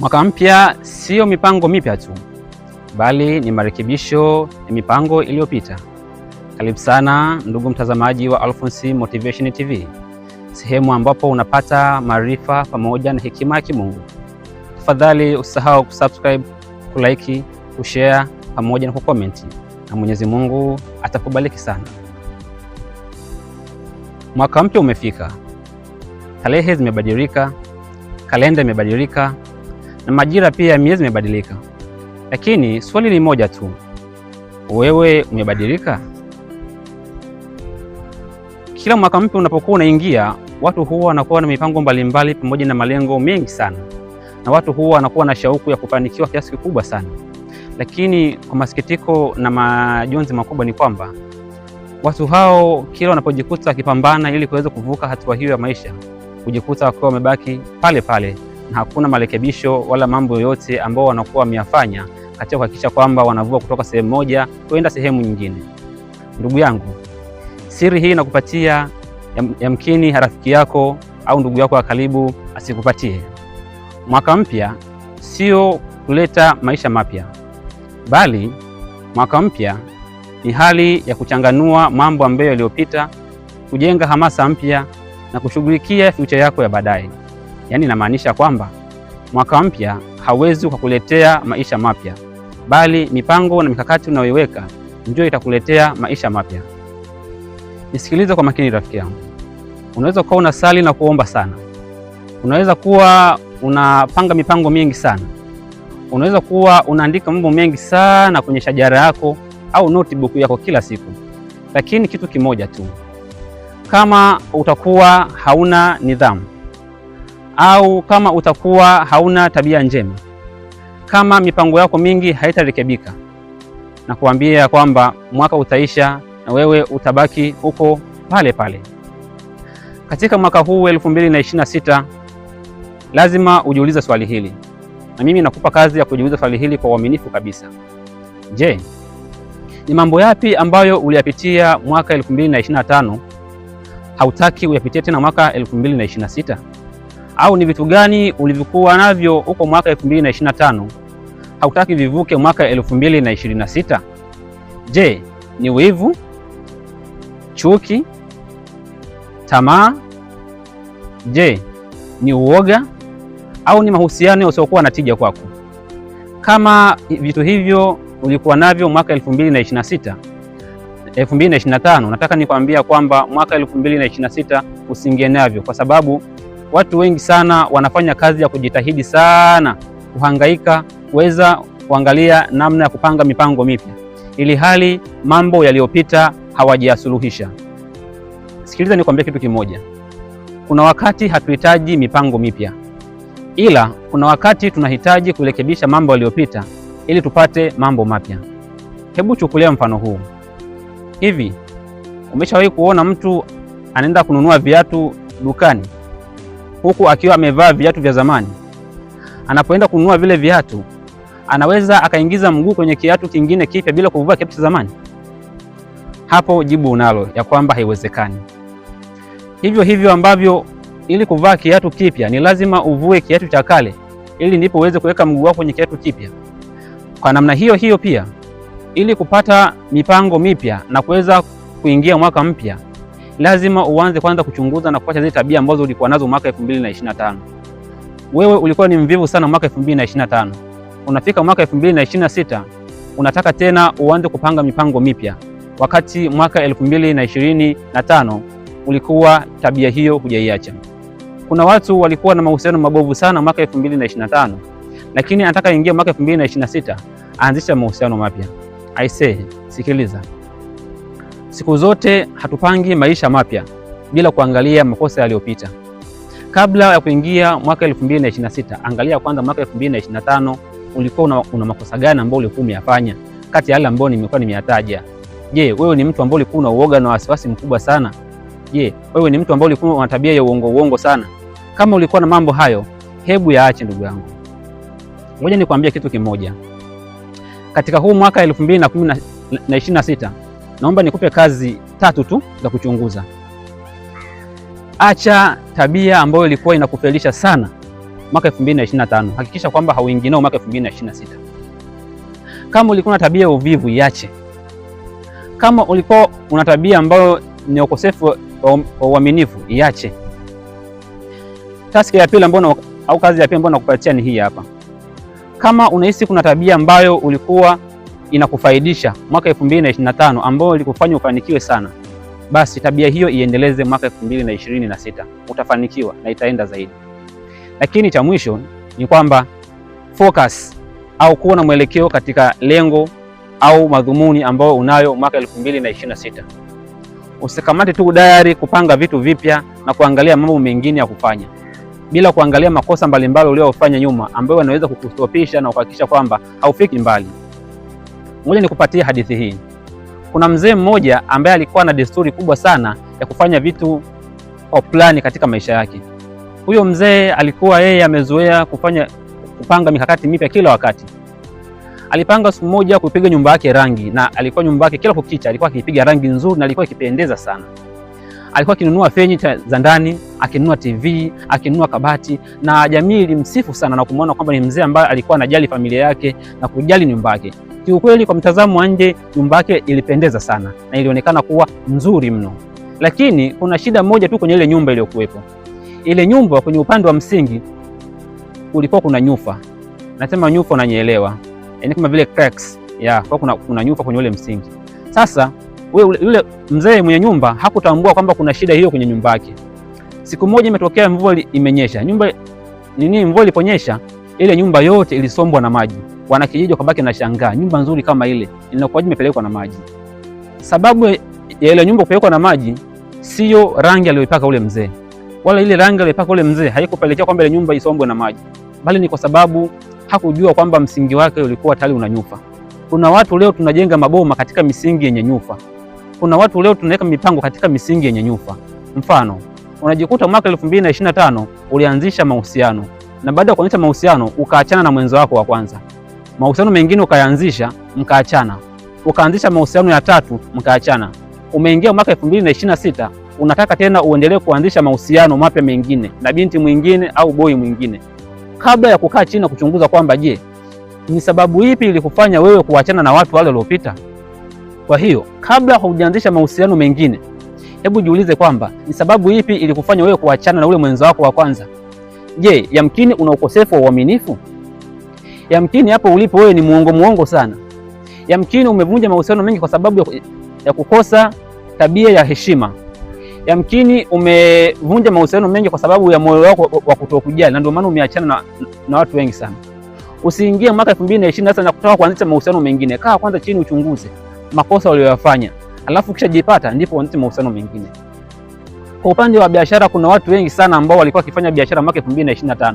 Mwaka mpya sio mipango mipya tu, bali ni marekebisho ya mipango iliyopita. Karibu sana ndugu mtazamaji wa Alphonsi Motivation TV, sehemu ambapo unapata maarifa pamoja na hekima ya Kimungu. Tafadhali usisahau kusubscribe, kulike, kushare pamoja na kukomenti, na Mwenyezi Mungu atakubariki sana. Mwaka mpya umefika, tarehe zimebadilika, kalenda imebadilika na majira pia ya miezi imebadilika, lakini swali ni moja tu, wewe umebadilika? Kila mwaka mpya unapokuwa unaingia, watu huwa wanakuwa na mipango mbalimbali pamoja na malengo mengi sana, na watu huwa wanakuwa na shauku ya kufanikiwa kiasi kikubwa sana, lakini kwa masikitiko na majonzi makubwa ni kwamba watu hao kila wanapojikuta wakipambana ili kuweza kuvuka hatua hiyo ya maisha, kujikuta wakiwa wamebaki pale pale hakuna marekebisho wala mambo yoyote ambao wanakuwa wameyafanya katika kuhakikisha kwamba wanavua kutoka sehemu moja kwenda sehemu nyingine. Ndugu yangu, siri hii nakupatia, yamkini ya rafiki yako au ndugu yako wa karibu asikupatie. Mwaka mpya sio kuleta maisha mapya, bali mwaka mpya ni hali ya kuchanganua mambo ambayo yaliyopita, kujenga hamasa mpya na kushughulikia future yako ya baadaye. Yaani inamaanisha kwamba mwaka mpya hauwezi ukakuletea maisha mapya, bali mipango na mikakati unayoiweka ndio itakuletea maisha mapya. Nisikilize kwa makini rafiki yangu. Unaweza kuwa unasali na kuomba sana, unaweza kuwa unapanga mipango mingi sana, unaweza kuwa unaandika mambo mengi sana kwenye shajara yako au notebook yako kila siku, lakini kitu kimoja tu, kama utakuwa hauna nidhamu au kama utakuwa hauna tabia njema, kama mipango yako mingi haitarekebika, na kuambia kwamba mwaka utaisha na wewe utabaki huko pale pale. Katika mwaka huu 2026 lazima ujiulize swali hili, na mimi nakupa kazi ya kujiuliza swali hili kwa uaminifu kabisa. Je, ni mambo yapi ambayo uliyapitia mwaka 2025 hautaki uyapitie tena mwaka 2026? au ni vitu gani ulivyokuwa navyo huko mwaka 2025 hautaki vivuke mwaka 2026? Je, ni wivu, chuki, tamaa? Je, ni uoga au ni mahusiano yasiokuwa na tija kwako? Kama vitu hivyo ulikuwa navyo mwaka 2026 2025, nataka nikwambia kwamba mwaka 2026 usiingie navyo, kwa sababu Watu wengi sana wanafanya kazi ya kujitahidi sana, kuhangaika kuweza kuangalia namna ya kupanga mipango mipya, ili hali mambo yaliyopita hawajayasuluhisha. Sikiliza nikwambie kitu kimoja, kuna wakati hatuhitaji mipango mipya, ila kuna wakati tunahitaji kurekebisha mambo yaliyopita ili tupate mambo mapya. Hebu chukulia mfano huu. Hivi, umeshawahi kuona mtu anaenda kununua viatu dukani huku akiwa amevaa viatu vya zamani. Anapoenda kununua vile viatu, anaweza akaingiza mguu kwenye kiatu kingine kipya bila kuvua kiatu cha zamani? Hapo jibu unalo ya kwamba haiwezekani. Hivyo hivyo ambavyo ili kuvaa kiatu kipya ni lazima uvue kiatu cha kale ili ndipo uweze kuweka mguu wako kwenye kiatu kipya. Kwa namna hiyo hiyo pia ili kupata mipango mipya na kuweza kuingia mwaka mpya lazima uanze kwanza kuchunguza na kuacha zile tabia ambazo ulikuwa nazo mwaka 2025. Wewe ulikuwa ni mvivu sana mwaka 2025. Unafika mwaka 2026 unataka tena uanze kupanga mipango mipya, wakati mwaka 2025 ulikuwa tabia hiyo hujaiacha. Kuna watu walikuwa na mahusiano mabovu sana mwaka 2025, lakini anataka ingia mwaka 2026 aanzisha mahusiano mapya. Aisee, sikiliza. Siku zote hatupangi maisha mapya bila kuangalia makosa yaliyopita. Kabla ya kuingia mwaka 2026, angalia kwanza mwaka 2025 ulikuwa una, una makosa gani ambayo ulikuwa umeyafanya kati ya yale ambayo nimekuwa nimeyataja. Je, wewe ni mtu ambaye ulikuwa una uoga na wasiwasi mkubwa sana? Je, wewe ni mtu ambaye ulikuwa una tabia ya uongo uongo sana? Kama ulikuwa na mambo hayo, hebu yaache ndugu yangu. Ngoja nikwambie kitu kimoja. Katika huu mwaka 2026 naomba nikupe kazi tatu tu za kuchunguza. Acha tabia ambayo ilikuwa inakufelisha sana mwaka 2025. Hakikisha kwamba hauingii nao mwaka 2026. Kama ulikuwa na tabia ya uvivu, iache. Kama ulikuwa una tabia ambayo ni ukosefu wa uaminifu, iache. Taski ya pili ambayo au kazi ya pili ambayo nakupatia ni hii hapa. Kama unahisi kuna tabia ambayo ulikuwa inakufaidisha mwaka 2025 ambao ilikufanya ufanikiwe sana, basi tabia hiyo iendeleze mwaka 2026. Utafanikiwa na itaenda zaidi. Lakini cha mwisho ni kwamba focus au kuwa na mwelekeo katika lengo au madhumuni ambayo unayo mwaka 2026. Usikamate tu diary kupanga vitu vipya na kuangalia mambo mengine ya kufanya bila kuangalia makosa mbalimbali uliyofanya nyuma ambayo yanaweza kukustopisha na kuhakikisha kwamba haufiki mbali. Ngoja nikupatie hadithi hii. Kuna mzee mmoja ambaye alikuwa na desturi kubwa sana ya kufanya vitu kwa plani katika maisha yake. Huyo mzee alikuwa yeye amezoea kufanya kupanga mikakati mipya kila wakati. Alipanga siku moja kupiga nyumba yake rangi, na alikuwa nyumba yake kila kukicha alikuwa akipiga rangi nzuri na alikuwa ikipendeza sana. Alikuwa akinunua fenicha za ndani, akinunua TV, akinunua kabati, na jamii ilimsifu sana na kumwona kwamba ni mzee ambaye alikuwa anajali familia yake na kujali nyumba yake kiukweli, kwa mtazamo wa nje nyumba yake ilipendeza sana na ilionekana kuwa nzuri mno, lakini kuna shida moja tu kwenye ile nyumba iliyokuwepo. Ile nyumba kwenye upande wa msingi kulikuwa kuna nyufa, nasema nyufa, unanielewa? Yani kama vile cracks ya kwa kuna, kuna nyufa kwenye ule msingi. Sasa ule, yule mzee mwenye nyumba hakutambua kwamba kuna shida hiyo kwenye nyumba yake. Siku moja imetokea mvua imenyesha, nyumba nini, mvua iliponyesha ile nyumba yote ilisombwa na maji. Wanakijiji wakabaki na shangaa, nyumba nzuri kama ile inakuwaje imepelekwa na maji? Sababu ya ile nyumba kupelekwa na maji siyo rangi aliyoipaka ule mzee, wala ile rangi aliyoipaka ule mzee haikupelekea kwamba ile nyumba isombwe na maji, bali ni kwa sababu hakujua kwamba msingi wake ulikuwa tayari una nyufa. Kuna watu leo tunajenga maboma katika misingi yenye nyufa. Kuna watu leo tunaweka mipango katika misingi yenye nyufa. Mfano, unajikuta mwaka 2025 ulianzisha mahusiano na baada ya kuanzisha mahusiano ukaachana na mwenzo wako wa kwanza mahusiano mengine ukayaanzisha mkaachana, ukaanzisha mahusiano ya tatu mkaachana, umeingia mwaka sita unataka tena uendelee kuanzisha mahusiano mapya mengine na binti mwingine au boi mwingine, kabla ya kukaa chini na kuchunguza kwamba je, ni sababu ipi ilikufanya wewe kuachana na watu wale waliopita? Kwa hiyo kabla hujaanzisha mahusiano mengine, hebu jiulize kwamba ni sababu ipi ilikufanya wewe kuachana na ule mwenzo wako wa kwanza. Je, yamkini una ukosefu wa uaminifu? Yamkini hapo ulipo wewe ni muongo muongo sana. Yamkini umevunja mahusiano mengi kwa sababu ya kukosa tabia ya heshima. Yamkini umevunja mahusiano mengi kwa sababu ya moyo wako wa kutokujali, na ndio maana umeachana na, na watu wengi sana. Usiingie mwaka 2020 sasa na kutaka kuanzisha mahusiano mengine. Kaa kwanza chini, uchunguze makosa uliyoyafanya, alafu kisha jipata, ndipo uanzishe mahusiano mengine. Kwa upande wa biashara, kuna watu wengi sana ambao walikuwa wakifanya biashara mwaka 2025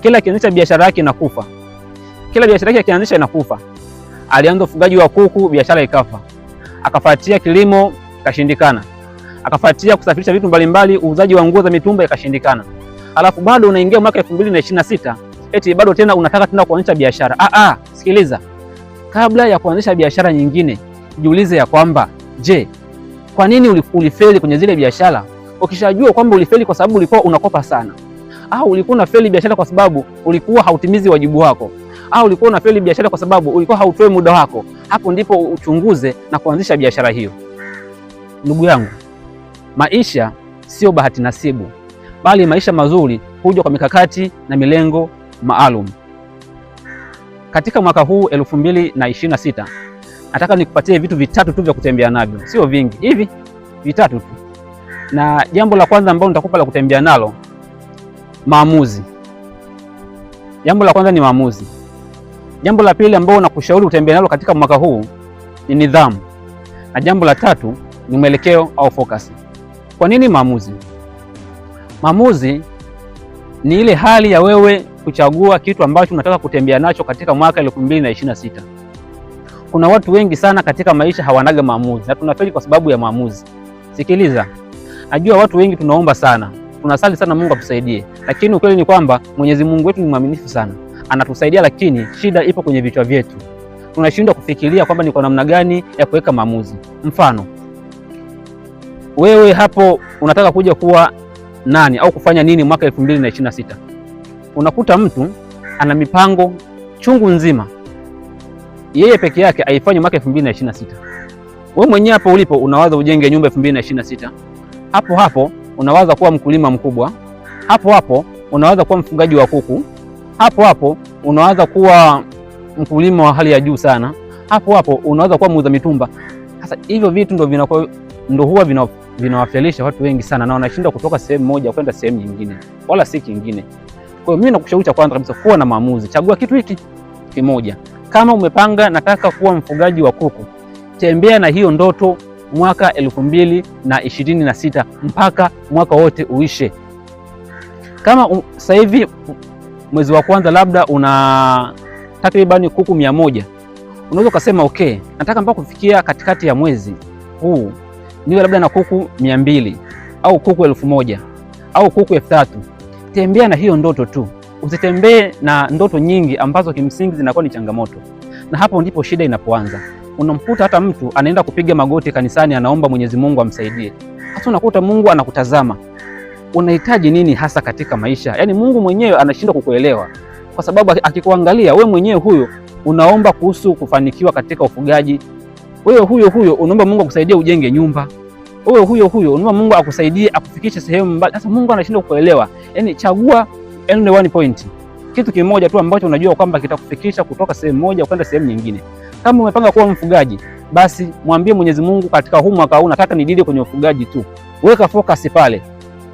kila kianzisha biashara yake inakufa kila biashara yake akianzisha inakufa. Alianza ufugaji wa kuku, biashara ikafa. Akafuatia kilimo, ikashindikana. Akafuatia kusafirisha vitu mbalimbali, uuzaji wa nguo za mitumba ikashindikana. Alafu bado unaingia mwaka 2026 eti bado tena unataka tena kuanzisha biashara. Ah ah, sikiliza. Kabla ya kuanzisha biashara nyingine, jiulize ya kwamba je, kwa nini ulifeli kwenye zile biashara? Ukishajua kwamba ulifeli kwa sababu ulikuwa unakopa sana, au ulikuwa unafeli biashara kwa sababu ulikuwa hautimizi wajibu wako au ulikuwa unafeli biashara kwa sababu ulikuwa hautoi muda wako, hapo ndipo uchunguze na kuanzisha biashara hiyo. Ndugu yangu, maisha sio bahati nasibu, bali maisha mazuri huja kwa mikakati na milengo maalum. Katika mwaka huu 2026 nataka nikupatie vitu vitatu tu vya kutembea navyo, sio vingi hivi, vitatu tu. Na jambo la kwanza ambalo nitakupa la kutembea nalo, maamuzi. Jambo la kwanza ni maamuzi. Jambo la pili ambalo nakushauri utembee nalo katika mwaka huu ni nidhamu, na jambo la tatu ni mwelekeo au focus. Kwa nini maamuzi? Maamuzi ni ile hali ya wewe kuchagua kitu ambacho unataka kutembea nacho katika mwaka elfu mbili na ishirini na sita. Kuna watu wengi sana katika maisha hawanaga maamuzi na tunafeli kwa sababu ya maamuzi. Sikiliza, najua watu wengi tunaomba sana, tunasali sana Mungu atusaidie, lakini ukweli ni kwamba Mwenyezi Mungu wetu ni mwaminifu sana anatusaidia, lakini shida ipo kwenye vichwa vyetu. Tunashindwa kufikiria kwamba ni kwa namna gani ya kuweka maamuzi. Mfano, wewe hapo unataka kuja kuwa nani au kufanya nini mwaka 2026 unakuta mtu ana mipango chungu nzima, yeye peke yake aifanyi mwaka 2026. Wewe mwenyewe hapo ulipo unawaza ujenge nyumba 2026, hapo hapo unawaza kuwa mkulima mkubwa, hapo hapo unawaza kuwa mfugaji wa kuku hapo hapo unaanza kuwa mkulima wa hali ya juu sana, hapo hapo unaweza kuwa muuza mitumba. Sasa hivyo vitu ndo vinakuwa ndo huwa vinawafalisha watu wengi sana, na wanashinda kutoka sehemu moja kwenda sehemu nyingine, wala si kingine. Kwa hiyo mimi nakushauri, cha kwanza kabisa, kuwa na maamuzi, chagua kitu hiki kimoja. Kama umepanga nataka kuwa mfugaji wa kuku, tembea na hiyo ndoto mwaka elfu mbili na ishirini na sita mpaka mwaka wote uishe. Kama sasa hivi mwezi wa kwanza labda una takribani kuku mia moja unaweza ukasema okay, nataka mpaka kufikia katikati ya mwezi huu niwe labda na kuku mia mbili au kuku elfu moja au kuku elfu tatu Tembea na hiyo ndoto tu, usitembee na ndoto nyingi ambazo kimsingi zinakuwa ni changamoto, na hapo ndipo shida inapoanza. Unamkuta hata mtu anaenda kupiga magoti kanisani, anaomba Mwenyezi Mungu amsaidie, hata unakuta Mungu anakutazama unahitaji nini hasa katika maisha. Yaani Mungu mwenyewe anashindwa kukuelewa, kwa sababu akikuangalia we mwenyewe huyo unaomba kuhusu kufanikiwa katika ufugaji, wewe huyo huyo unaomba Mungu akusaidie ujenge nyumba, wewe huyo huyo unaomba Mungu akusaidie akufikishe sehemu mbali. Sasa Mungu anashindwa kukuelewa. Yaani chagua one point, kitu kimoja tu ambacho unajua kwamba kitakufikisha kutoka sehemu moja kwenda sehemu nyingine. Kama umepanga kuwa mfugaji, basi mwambie Mwenyezi Mungu, katika huu mwaka huu nataka nidili kwenye ufugaji tu, weka focus pale.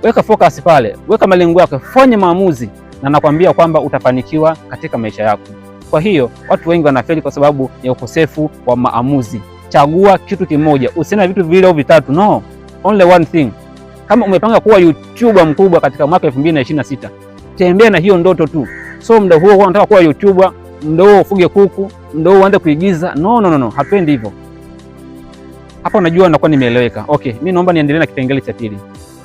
Weka focus pale, weka malengo yako, fanye maamuzi, na nakwambia kwamba utafanikiwa katika maisha yako. Kwa hiyo watu wengi wanafeli kwa sababu ya ukosefu wa maamuzi. Chagua kitu kimoja, usina vitu vile au vitatu, no, only one thing. Kama umepanga kuwa YouTuber mkubwa katika mwaka 2026, tembea na hiyo ndoto tu. So mda huo unataka kuwa YouTuber, muda huo ufuge kuku, muda huo uanze kuigiza. No, no, no, no, hatuendi hivyo. Hapa unajua nakuwa nimeeleweka. Okay, mimi naomba niendelee na kipengele cha pili.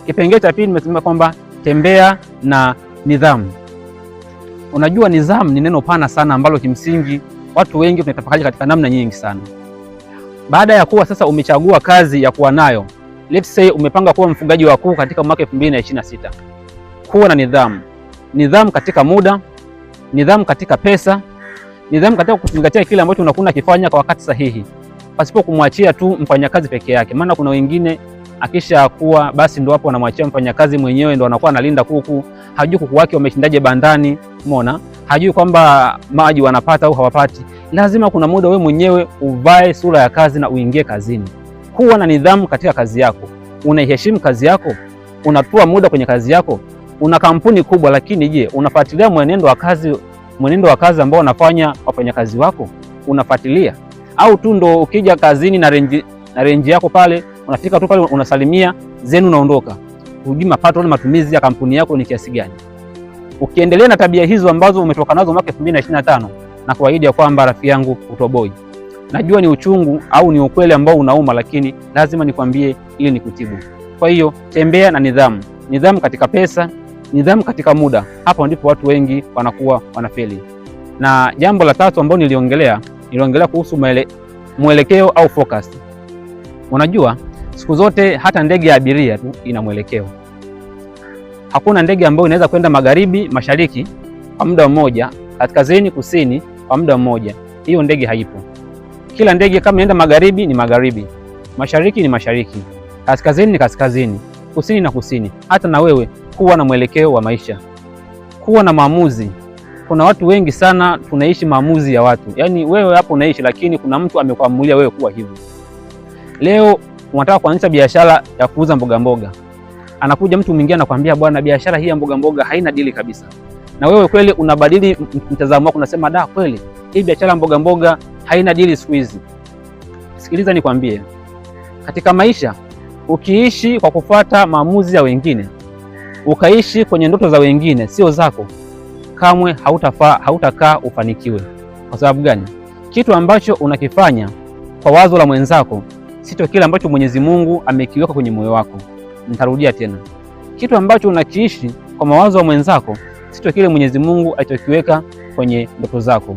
Kipengee cha pili nimesema kwamba tembea na nidhamu. Unajua, nidhamu ni neno pana sana ambalo kimsingi watu wengi tunatafakari katika namna nyingi sana. Baada ya kuwa sasa umechagua kazi ya kuwa nayo, let's say umepanga kuwa mfugaji wa kuku katika mwaka 2026. Kuwa na nidhamu, nidhamu katika muda, nidhamu katika pesa, nidhamu katika kuzingatia kile ambacho unakuwa unakifanya kwa wakati sahihi, pasipo kumwachia tu mfanyakazi peke yake, maana kuna wengine akisha kuwa basi ndo hapo anamwachia mfanyakazi mwenyewe, ndo anakuwa analinda kuku. Hajui kuku wake wameshindaje bandani, umeona, hajui kwamba maji wanapata au hawapati. Lazima kuna muda we mwenyewe uvae sura ya kazi na uingie kazini. Kuwa na nidhamu katika kazi yako, unaiheshimu kazi yako, unatoa muda kwenye kazi yako. Una kampuni kubwa, lakini je, unafuatilia mwenendo wa kazi, mwenendo wa kazi ambao wanafanya wafanyakazi wako unafuatilia au tu ndo ukija kazini na renji, na renji yako pale Unafika tu pale unasalimia zenu unaondoka. Hujui mapato na matumizi ya kampuni yako ni kiasi gani. Ukiendelea na tabia hizo ambazo umetoka nazo mwaka 2025 na kuahidi ya kwamba rafiki yangu utoboi. Najua ni uchungu au ni ukweli ambao unauma, lakini lazima nikwambie ili nikutibu. Kwa hiyo tembea na nidhamu, nidhamu katika pesa, nidhamu katika muda. Hapo ndipo watu wengi wanakuwa wanafeli. Na jambo la tatu ambalo niliongelea, niliongelea kuhusu mwelekeo au focus. Unajua Siku zote hata ndege ya abiria tu ina mwelekeo. Hakuna ndege ambayo inaweza kwenda magharibi, mashariki kwa muda mmoja, kaskazini, kusini kwa muda mmoja. Hiyo ndege haipo. Kila ndege kama inaenda magharibi ni magharibi, mashariki ni mashariki, kaskazini ni kaskazini, kusini na kusini. Hata na wewe kuwa na mwelekeo wa maisha, kuwa na maamuzi. Kuna watu wengi sana tunaishi maamuzi ya watu, yaani wewe hapo unaishi, lakini kuna mtu amekuamulia wewe kuwa hivyo. Leo unataka kuanzisha biashara ya kuuza mboga mboga, anakuja mtu mwingine anakuambia, bwana, biashara hii ya mboga mboga haina dili kabisa, na wewe kweli unabadili mtazamo wako, unasema da, kweli hii biashara ya mboga mboga haina dili siku hizi. Sikiliza nikwambie, katika maisha ukiishi kwa kufuata maamuzi ya wengine, ukaishi kwenye ndoto za wengine, sio zako, kamwe hautafaa, hautakaa ufanikiwe. Kwa sababu gani? Kitu ambacho unakifanya kwa wazo la mwenzako sito kile ambacho Mwenyezi Mungu amekiweka kwenye moyo wako. Nitarudia tena, kitu ambacho unakiishi kwa mawazo ya mwenzako sito kile Mwenyezi Mungu alichokiweka kwenye ndoto zako.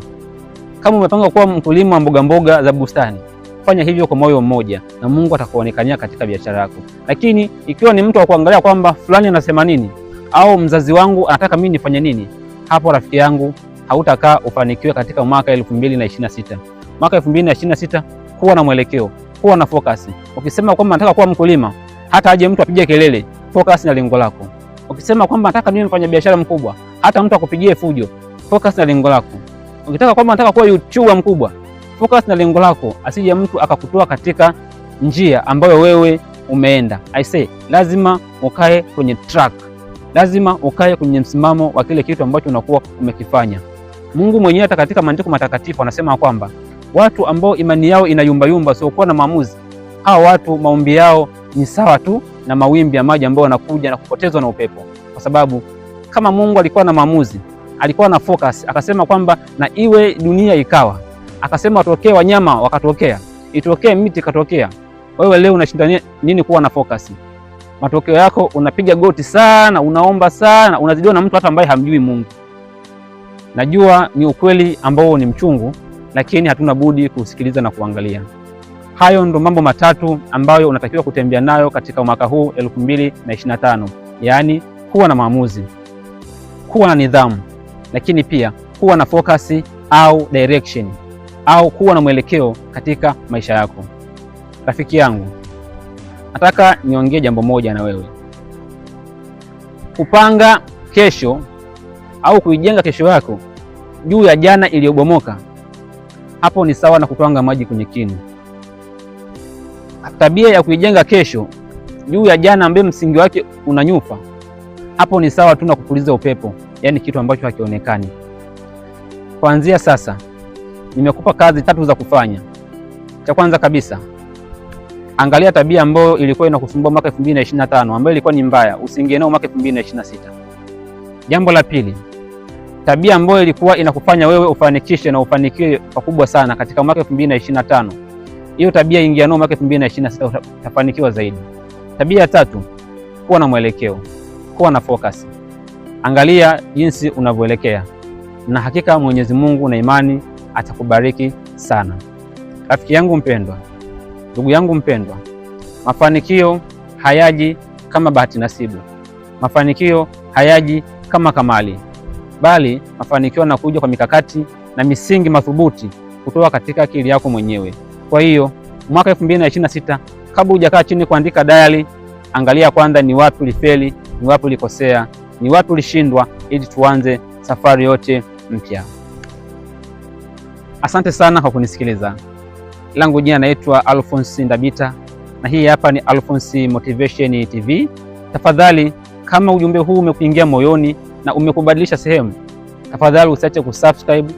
Kama umepanga kuwa mkulima wa mboga mboga za bustani, fanya hivyo kwa moyo mmoja, na Mungu atakuonekania katika biashara yako. Lakini ikiwa ni mtu wa kuangalia kwamba fulani anasema nini au mzazi wangu anataka mimi nifanye nini, hapo rafiki yangu hautakaa ufanikiwe katika mwaka 2026. Mwaka 2026 kuwa na mwelekeo huwa na focus. Ukisema kwamba nataka kuwa mkulima, hata aje mtu apige kelele, focus na lengo lako. Ukisema kwamba nataka niwe mfanyabiashara mkubwa, hata mtu akupigie fujo, focus na lengo lako. Ukitaka kwamba nataka kuwa YouTuber mkubwa, focus na lengo lako, asije mtu akakutoa katika njia ambayo wewe umeenda. I say, lazima ukae kwenye track, lazima ukae kwenye msimamo wa kile kitu ambacho unakuwa umekifanya. Mungu mwenyewe hata katika maandiko matakatifu anasema kwamba watu ambao imani yao inayumbayumba, wasiokuwa na maamuzi, hawa watu maombi yao ni sawa tu na mawimbi ya maji ambayo yanakuja na kupotezwa na upepo, kwa sababu kama Mungu alikuwa na maamuzi, alikuwa na focus, akasema kwamba na iwe dunia ikawa, akasema watokee wanyama wakatokea, itokee miti katokea. wewe leo unashindania nini kuwa na focus? Matokeo yako unapiga goti sana, unaomba sana, unazidiwa na mtu hata ambaye hamjui Mungu. Najua ni ukweli ambao ni mchungu lakini hatuna budi kusikiliza na kuangalia. Hayo ndo mambo matatu ambayo unatakiwa kutembea nayo katika mwaka huu 2025, yaani kuwa na maamuzi, kuwa na nidhamu, lakini pia kuwa na focus au direction au kuwa na mwelekeo katika maisha yako. Rafiki yangu, nataka niongee jambo moja na wewe. Kupanga kesho au kuijenga kesho yako juu ya jana iliyobomoka hapo ni sawa na kutwanga maji kwenye kinu. Tabia ya kuijenga kesho juu ya jana ambaye msingi wake unanyufa, hapo ni sawa tu na kupuliza upepo, yaani kitu ambacho hakionekani. Kuanzia sasa nimekupa kazi tatu za kufanya. Cha kwanza kabisa, angalia tabia ambayo ilikuwa inakusumbua mwaka 2025 ambayo ilikuwa ni mbaya, usiingie nayo mwaka 2026. Jambo la pili tabia ambayo ilikuwa inakufanya wewe ufanikishe na ufanikiwe pakubwa sana katika mwaka 2025. Hiyo tabia ingia nao mwaka 2026 utafanikiwa zaidi. Tabia ya tatu, kuwa na mwelekeo, kuwa na focus. Angalia jinsi unavyoelekea na hakika Mwenyezi Mungu na imani atakubariki sana. Rafiki yangu mpendwa, ndugu yangu mpendwa, mafanikio hayaji kama bahati nasibu, mafanikio hayaji kama kamali bali mafanikio yanakuja kwa mikakati na misingi madhubuti kutoka katika akili yako mwenyewe. Kwa hiyo mwaka 2026 kabla hujakaa chini kuandika diary, angalia kwanza ni wapi ulifeli, ni wapi ulikosea, ni wapi ulishindwa, ili tuanze safari yote mpya. Asante sana kwa kunisikiliza. Langu jina naitwa Alphonce Ndabita na hii hapa ni Alphonce Motivation TV. Tafadhali, kama ujumbe huu umekuingia moyoni na umekubadilisha sehemu, tafadhali usiache kusubscribe,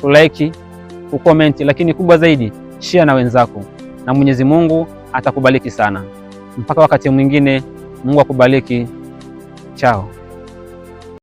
kulike, kukomenti, lakini kubwa zaidi share na wenzako, na Mwenyezi Mungu atakubariki sana. Mpaka wakati mwingine, Mungu akubariki. Chao.